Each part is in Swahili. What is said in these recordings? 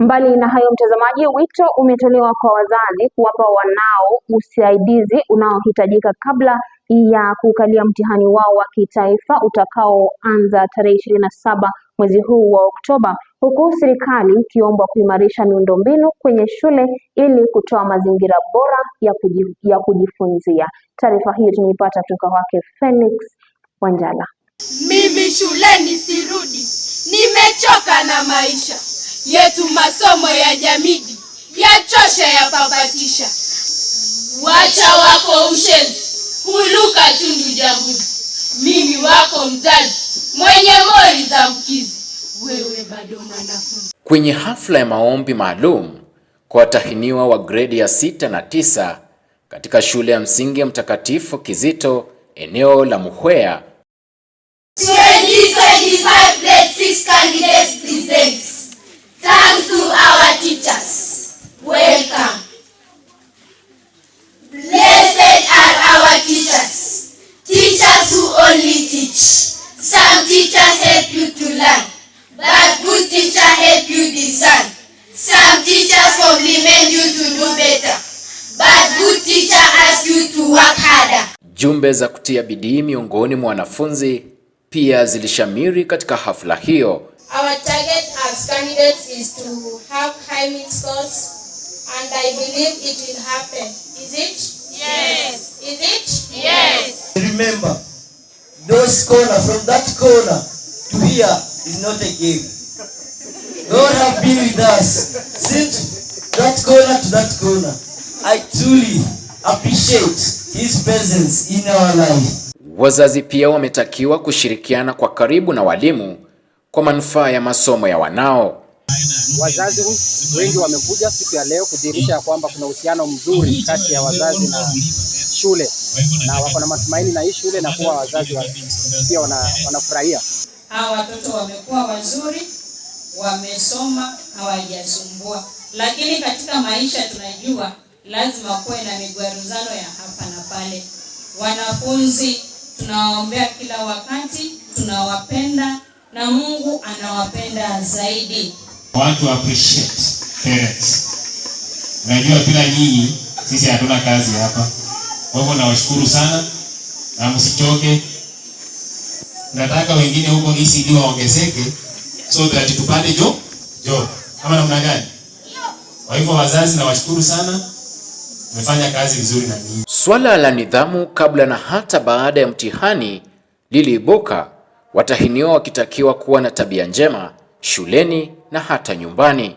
Mbali na hayo, mtazamaji, wito umetolewa kwa wazazi kuwapa wanao usaidizi unaohitajika kabla ya kukalia mtihani wao wa kitaifa utakaoanza tarehe ishirini na saba mwezi huu wa Oktoba, huku serikali ikiombwa kuimarisha miundombinu kwenye shule ili kutoa mazingira bora ya, kuji, ya kujifunzia. Taarifa hiyo tumeipata kutoka kwake Phoenix Wanjala. Mimi shuleni sirudi, nimechoka na maisha yetu masomo ya jamidi ya papatisha. wacha wako ushenzi, huluka tundu jambuzi. Mimi wako mzazi mwenye mori za mkizi, wewe bado mwanafunzi. Kwenye hafla ya maombi maalum kwa watahiniwa wa gredi ya sita na tisa katika shule ya msingi ya Mtakatifu Kizito eneo la Muhwea. 2025 grade 6 candidates present. Some teacher help you to learn, but good teacher help you discern. Some teachers compliment you to do better, but good teacher ask you to work harder. Jumbe za kutia bidii miongoni mwa wanafunzi pia zilishamiri katika hafla hiyo. Our target as candidates is to have high mid scores and I believe it will happen. Is it? Yes. Is it? Yes. Remember those corner, from that corner to here is not a game. God have been with us since that corner to that corner. I truly appreciate his presence in our life. Wazazi pia wametakiwa kushirikiana kwa karibu na walimu kwa manufaa ya masomo ya wanao. Wazazi wengi wamekuja siku ya leo kudhihirisha ya kwamba kuna uhusiano mzuri kati ya wazazi na shule na wako na matumaini na hii shule na kuwa wazazi pia wanafurahia. Hawa watoto wamekuwa wazuri, wamesoma, hawajasumbua. Lakini katika maisha tunajua lazima kuwe na migwaruzano ya hapa na pale. Wanafunzi tunawaombea kila wakati, tunawapenda na Mungu anawapenda zaidi. Watu appreciate parents. Najua bila nyinyi sisi hatuna kazi hapa. Kwa hivyo nawashukuru sana na msitoke. nataka wengine huko ECD waongezeke so that tupate jo jo kama namna gani. Kwa hivyo wazazi, nawashukuru sana, mmefanya kazi vizuri na ninyi. Swala la nidhamu kabla na hata baada ya mtihani liliibuka, watahiniwa wakitakiwa kuwa na tabia njema shuleni na hata nyumbani.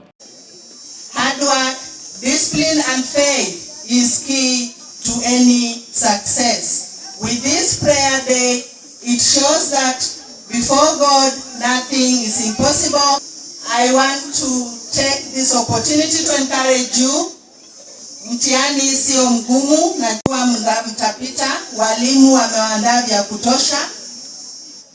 Hard work, discipline and faith is key to any success. With this prayer day, it shows that before God nothing is impossible. I want to take this opportunity to encourage you. Mtihani sio mgumu, najua mtapita. Walimu wamewaandaa vya kutosha.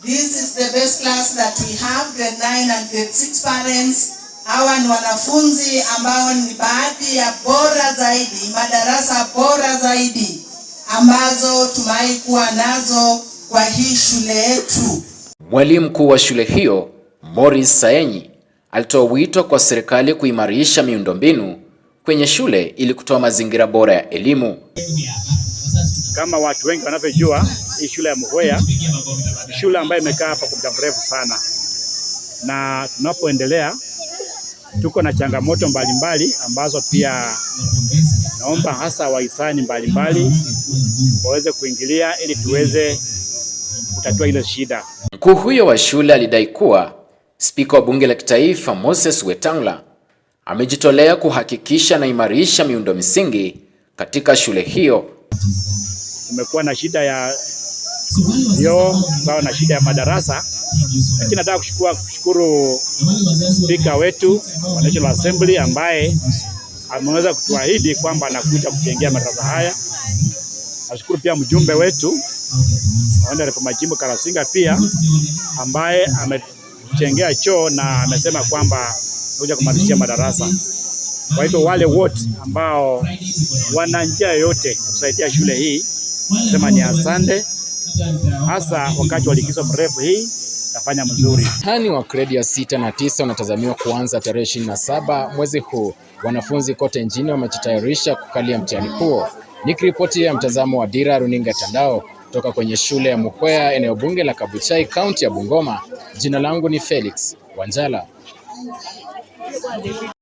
This is the best class that we have, grade 9 and grade 6 parents Hawa ni wanafunzi ambao ni baadhi ya bora zaidi, madarasa bora zaidi ambazo tumai kuwa nazo kwa hii shule yetu. Mwalimu mkuu wa shule hiyo Morris Saenyi alitoa wito kwa serikali kuimarisha miundombinu kwenye shule ili kutoa mazingira bora ya elimu. Kama watu wengi wanavyojua, hii shule ya Muhwea shule ambayo imekaa hapa kwa muda mrefu sana, na tunapoendelea tuko na changamoto mbalimbali mbali, ambazo pia naomba hasa wahisani mbalimbali waweze kuingilia ili tuweze kutatua ile shida. Mkuu huyo wa shule alidai kuwa Spika wa Bunge la Kitaifa Moses Wetang'ula amejitolea kuhakikisha na imarisha miundo misingi katika shule hiyo. Umekuwa na shida ya vyoo, ukawa na shida ya madarasa lakini nataka kushukua, kushukuru spika wetu wa National Assembly ambaye ameweza kutuahidi kwamba anakuja kujengea madarasa haya. Nashukuru pia mjumbe wetu aendelepo majimbo Karasinga pia ambaye ametujengea choo na amesema kwamba anakuja kumalizia madarasa. Kwa hivyo wale wote ambao wana njia yoyote kusaidia shule hii, nasema ni asante, hasa wakati wa likizo mrefu hii tafanya mzuri. Mtihani wa gredi ya sita na tisa unatazamiwa kuanza tarehe ishirini na saba mwezi huu. Wanafunzi kote nchini wamejitayarisha kukalia mtihani huo. Nikiripoti ya mtazamo wa Dira Runinga Tandao kutoka kwenye shule ya Mukwea, eneo bunge la Kabuchai, kaunti ya Bungoma. Jina langu ni Felix Wanjala.